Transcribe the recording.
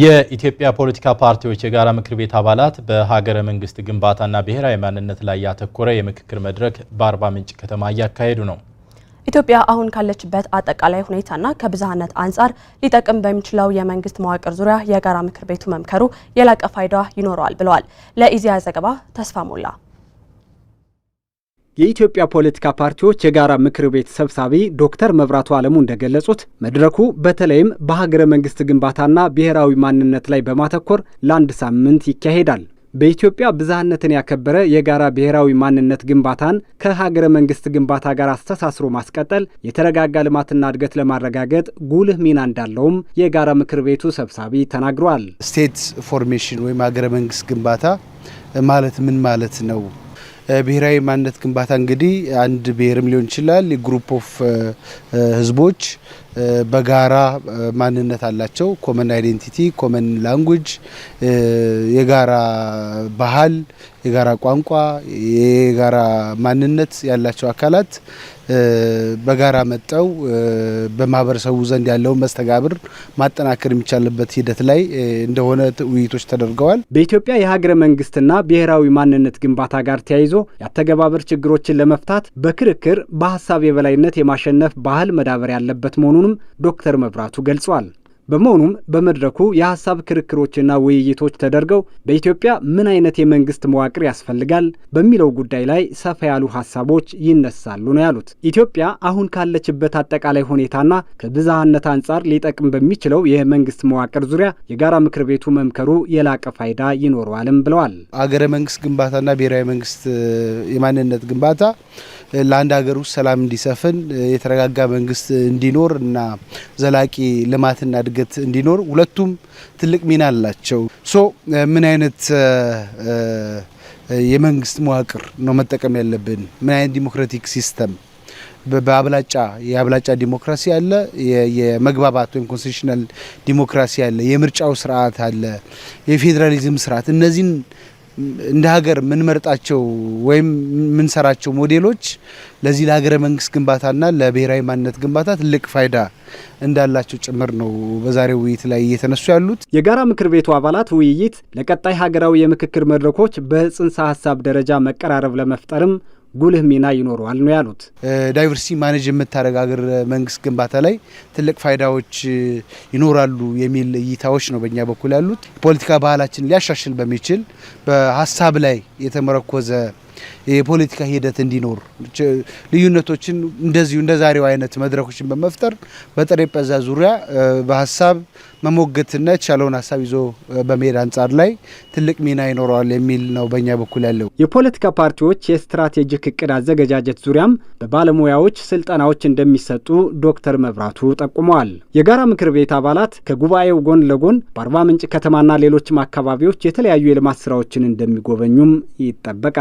የኢትዮጵያ ፖለቲካ ፓርቲዎች የጋራ ምክር ቤት አባላት በሀገረ መንግስት ግንባታና ብሔራዊ ማንነት ላይ ያተኮረ የምክክር መድረክ በአርባ ምንጭ ከተማ እያካሄዱ ነው። ኢትዮጵያ አሁን ካለችበት አጠቃላይ ሁኔታና ከብዝሃነት አንጻር ሊጠቅም በሚችለው የመንግስት መዋቅር ዙሪያ የጋራ ምክር ቤቱ መምከሩ የላቀ ፋይዳ ይኖረዋል ብለዋል። ለኢዜአ ዘገባ ተስፋ ሞላ የኢትዮጵያ ፖለቲካ ፓርቲዎች የጋራ ምክር ቤት ሰብሳቢ ዶክተር መብራቱ አለሙ እንደገለጹት መድረኩ በተለይም በሀገረ መንግስት ግንባታና ብሔራዊ ማንነት ላይ በማተኮር ለአንድ ሳምንት ይካሄዳል። በኢትዮጵያ ብዝሃነትን ያከበረ የጋራ ብሔራዊ ማንነት ግንባታን ከሀገረ መንግስት ግንባታ ጋር አስተሳስሮ ማስቀጠል የተረጋጋ ልማትና እድገት ለማረጋገጥ ጉልህ ሚና እንዳለውም የጋራ ምክር ቤቱ ሰብሳቢ ተናግረዋል። ስቴት ፎርሜሽን ወይም ሀገረ መንግስት ግንባታ ማለት ምን ማለት ነው? ብሔራዊ ማንነት ግንባታ እንግዲህ አንድ ብሔርም ሊሆን ይችላል፣ ግሩፕ ኦፍ ህዝቦች በጋራ ማንነት አላቸው። ኮመን አይዴንቲቲ፣ ኮመን ላንጉጅ፣ የጋራ ባህል የጋራ ቋንቋ፣ የጋራ ማንነት ያላቸው አካላት በጋራ መጠው በማህበረሰቡ ዘንድ ያለውን መስተጋብር ማጠናከር የሚቻልበት ሂደት ላይ እንደሆነ ውይይቶች ተደርገዋል። በኢትዮጵያ የሀገረ መንግስትና ብሔራዊ ማንነት ግንባታ ጋር ተያይዞ የአተገባበር ችግሮችን ለመፍታት በክርክር በሀሳብ የበላይነት የማሸነፍ ባህል መዳበር ያለበት መሆኑንም ዶክተር መብራቱ ገልጿል። በመሆኑም በመድረኩ የሀሳብ ክርክሮችና ውይይቶች ተደርገው በኢትዮጵያ ምን አይነት የመንግስት መዋቅር ያስፈልጋል በሚለው ጉዳይ ላይ ሰፋ ያሉ ሀሳቦች ይነሳሉ ነው ያሉት። ኢትዮጵያ አሁን ካለችበት አጠቃላይ ሁኔታና ከብዝሃነት አንጻር ሊጠቅም በሚችለው የመንግስት መዋቅር ዙሪያ የጋራ ምክር ቤቱ መምከሩ የላቀ ፋይዳ ይኖረዋልም ብለዋል። አገረ መንግስት ግንባታና ብሔራዊ መንግስት የማንነት ግንባታ ለአንድ ሀገር ውስጥ ሰላም እንዲሰፍን የተረጋጋ መንግስት እንዲኖር እና ዘላቂ ልማትና እድገት እንዲኖር ሁለቱም ትልቅ ሚና አላቸው። ሶ ምን አይነት የመንግስት መዋቅር ነው መጠቀም ያለብን? ምን አይነት ዲሞክራቲክ ሲስተም በአብላጫ የአብላጫ ዲሞክራሲ አለ፣ የመግባባት ወይም ኮንስቲቱሽናል ዲሞክራሲ አለ፣ የምርጫው ስርዓት አለ፣ የፌዴራሊዝም ስርዓት እነዚህን እንደ ሀገር የምንመርጣቸው ወይም የምንሰራቸው ሞዴሎች ለዚህ ለሀገረ መንግስት ግንባታና ለብሔራዊ ማንነት ግንባታ ትልቅ ፋይዳ እንዳላቸው ጭምር ነው በዛሬው ውይይት ላይ እየተነሱ ያሉት። የጋራ ምክር ቤቱ አባላት ውይይት ለቀጣይ ሀገራዊ የምክክር መድረኮች በጽንሰ ሀሳብ ደረጃ መቀራረብ ለመፍጠርም ጉልህ ሚና ይኖረዋል ነው ያሉት። ዳይቨርሲቲ ማኔጅ የምታደረግ ሀገር መንግስት ግንባታ ላይ ትልቅ ፋይዳዎች ይኖራሉ የሚል እይታዎች ነው በእኛ በኩል ያሉት። ፖለቲካ ባህላችን ሊያሻሽል በሚችል በሀሳብ ላይ የተመረኮዘ የፖለቲካ ሂደት እንዲኖር ልዩነቶችን እንደዚሁ እንደ ዛሬው አይነት መድረኮችን በመፍጠር በጠረጴዛ ዙሪያ በሀሳብ መሞገትና የተሻለውን ሀሳብ ይዞ በመሄድ አንጻር ላይ ትልቅ ሚና ይኖረዋል የሚል ነው በእኛ በኩል ያለው። የፖለቲካ ፓርቲዎች የስትራቴጂክ እቅድ አዘገጃጀት ዙሪያም በባለሙያዎች ስልጠናዎች እንደሚሰጡ ዶክተር መብራቱ ጠቁመዋል። የጋራ ምክር ቤት አባላት ከጉባኤው ጎን ለጎን በአርባ ምንጭ ከተማና ሌሎችም አካባቢዎች የተለያዩ የልማት ስራዎችን እንደሚጎበኙም ይጠበቃል።